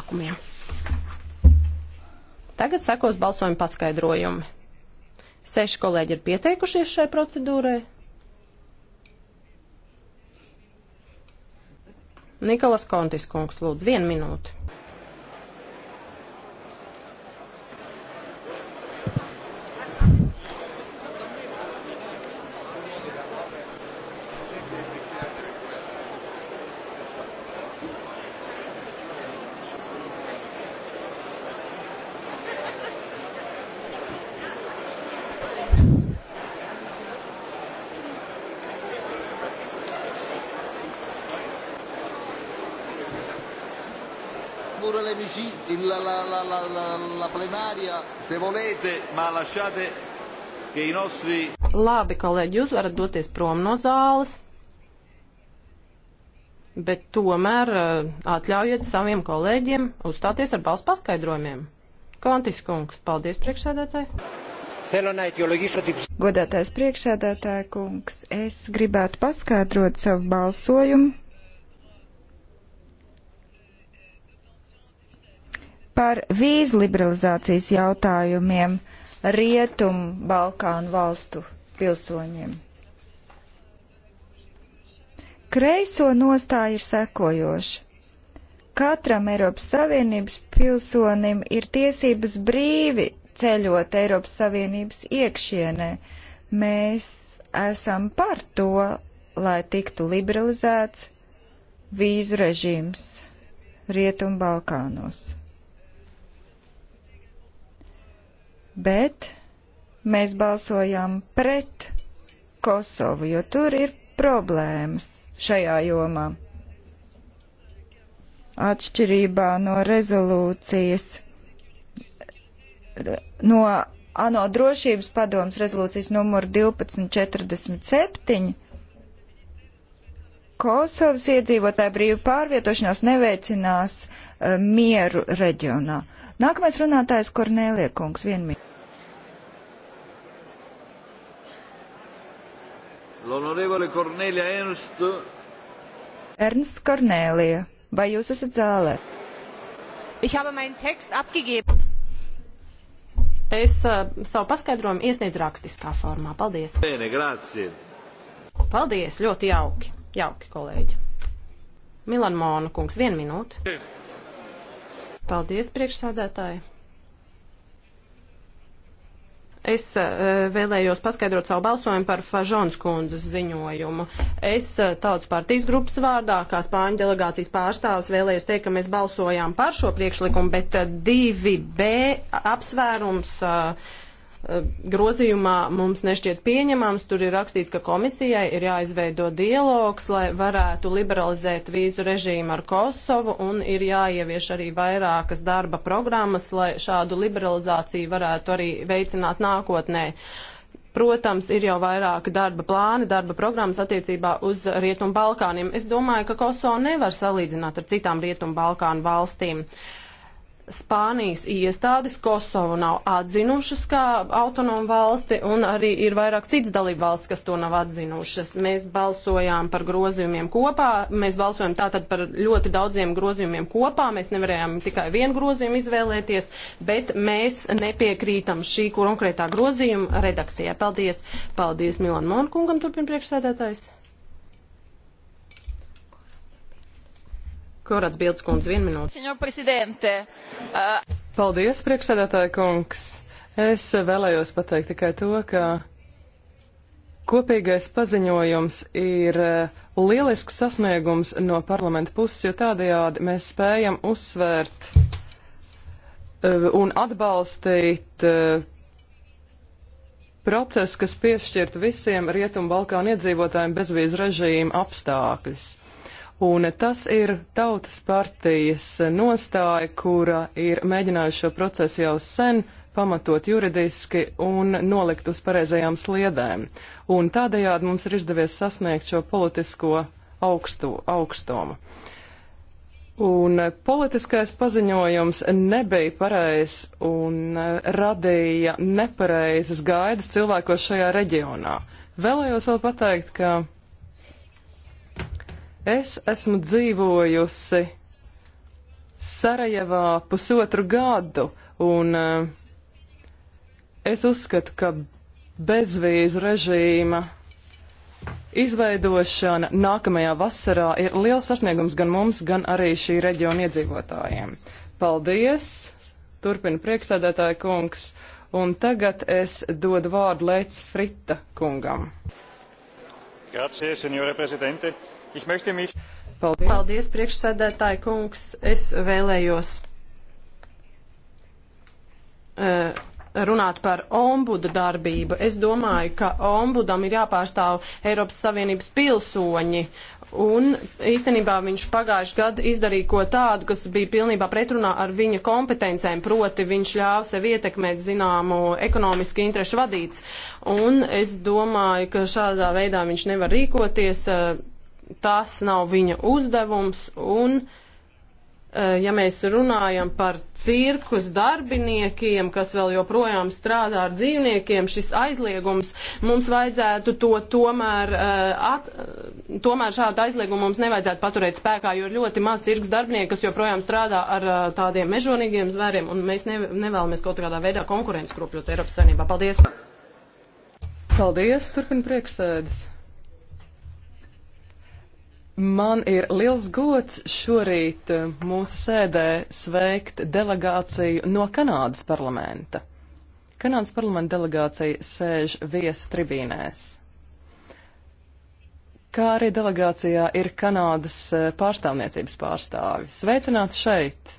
panākumiem. Tagad sekos balsojuma paskaidrojumi. Seši kolēģi ir pieteikušies šai procedūrai. Nikolas Kontis kungs, lūdzu, vienu minūti. chiudere la plenaria se volete, ma lasciate che i nostri. Labi, kolēģi, jūs varat doties prom no zāles, bet tomēr eh, atļaujiet saviem kolēģiem uzstāties ar balss paskaidrojumiem. Kantis kungs, paldies priekšsēdētāji! Godātais priekšsēdētāja kungs, es gribētu paskaidrot savu balsojumu par vīzu liberalizācijas jautājumiem Rietumu Balkānu valstu pilsoņiem. Kreiso nostāja ir sekojoša. Katram Eiropas Savienības pilsonim ir tiesības brīvi ceļot Eiropas Savienības iekšienē. Mēs esam par to, lai tiktu liberalizēts vīzu režīms Rietumbalkānos. bet mēs balsojām pret Kosovu, jo tur ir problēmas šajā jomā. Atšķirībā no rezolūcijas, no ANO drošības padomas rezolūcijas numur 1247, Kosovas iedzīvotāju brīvu pārvietošanās neveicinās uh, mieru reģionā. Nākamais runātājs Kornēlie kungs, vienmīgi. L'onorevole Cornelia Ernst. Ernst Cornelia, vai jūs esat zālē? Ich habe meinen Text abgegeben. Es uh, savu paskaidrojumu iesniedzu rakstiskā formā. Paldies. Bene, grazie. Paldies, ļoti jauki. Jauki, kolēģi. Milan Mona kungs, vienu minūti. Paldies, priekšsādētāji. Es eh, vēlējos paskaidrot savu balsojumu par Fažons kundzes ziņojumu. Es eh, tautas partijas grupas vārdā, kā Spāņu delegācijas pārstāvis, vēlējos teikt, ka mēs balsojām par šo priekšlikumu, bet 2B eh, apsvērums. Uh, Eh, grozījumā mums nešķiet pieņemams. Tur ir rakstīts, ka komisijai ir jāizveido dialogs, lai varētu liberalizēt vīzu režīmu ar Kosovu un ir jāievieš arī vairākas darba programmas, lai šādu liberalizāciju varētu arī veicināt nākotnē. Protams, ir jau vairāki darba plāni, darba programmas attiecībā uz Rietumu Balkāniem. Es domāju, ka Kosovu nevar salīdzināt ar citām Rietumu Balkānu valstīm. Uh, Spānijas iestādes Kosovu nav atzinušas kā autonomu valsti, un arī ir vairākas citas dalību valsts, kas to nav atzinušas. Mēs balsojām par grozījumiem kopā, mēs balsojām tātad par ļoti daudziem grozījumiem kopā, mēs nevarējām tikai vienu grozījumu izvēlēties, bet mēs nepiekrītam šī konkrētā grozījuma redakcijai. Paldies! Paldies Milan Monkungam, turpin priekšsēdētājs! Korāts Bildes kundze, vienu minūti. Uh, Paldies, priekšsēdētāja kungs. Es vēlējos pateikt tikai to, ka kopīgais paziņojums ir uh, lielisks sasniegums no parlamenta puses, jo tādējādi mēs spējam uzsvērt uh, un atbalstīt procesu, kas piešķirt visiem Rietumu Balkānu iedzīvotājiem bezvīzu režīmu apstākļus. Un tas ir tautas partijas nostāja, kura ir mēģinājusi šo procesu jau sen pamatot juridiski un nolikt uz pareizajām sliedēm. Un tādējādi mums ir izdevies sasniegt šo politisko augstu, augstumu. Un politiskais paziņojums nebija pareizs un radīja nepareizas gaidas cilvēkos šajā reģionā. Vēlējos vēl pateikt, ka Es esmu dzīvojusi Sarajevā pusotru gadu, un eh, es uzskatu, ka bezvīzu režīma izveidošana nākamajā vasarā ir liels sasniegums gan mums, gan arī šī reģiona iedzīvotājiem. Paldies! Turpina priekšsēdētāja kungs. Un tagad es dodu vārdu Leic Frita kungam. Grazie, signore prezidente. Ich möchte mich. Paldies, Paldies priekšsēdētāji kungs. Es vēlējos uh, runāt par ombuda darbību. Es domāju, ka ombudam ir jāpārstāv Eiropas Savienības pilsoņi. Un īstenībā viņš pagājuši gadu izdarīja ko tādu, kas bija pilnībā pretrunā ar viņa kompetencēm, proti viņš ļāva sev ietekmēt zināmu ekonomiski interešu vadīts. Un es domāju, ka šādā veidā viņš nevar rīkoties. Uh, tas nav viņa uzdevums un e, ja mēs runājam par cirkus darbiniekiem, kas vēl joprojām strādā ar dzīvniekiem, šis aizliegums mums vajadzētu to tomēr, e, at, tomēr šādu aizliegumu mums nevajadzētu paturēt spēkā, jo ir ļoti maz cirkus darbinieku, kas joprojām strādā ar e, tādiem mežonīgiem zvēriem, un mēs ne, nevēlamies kaut kādā veidā konkurences kropļot Eiropas saimnībā. Paldies! Paldies! Turpin priekšsēdes! Man ir liels gods šorīt eh, mūsu sēdē sveikt delegāciju no Kanādas parlamenta. Kanādas parlamenta delegācija sēž viesu tribīnēs. Kā arī delegācijā ir Kanādas eh, pārstāvniecības pārstāvi. Sveicināti šeit!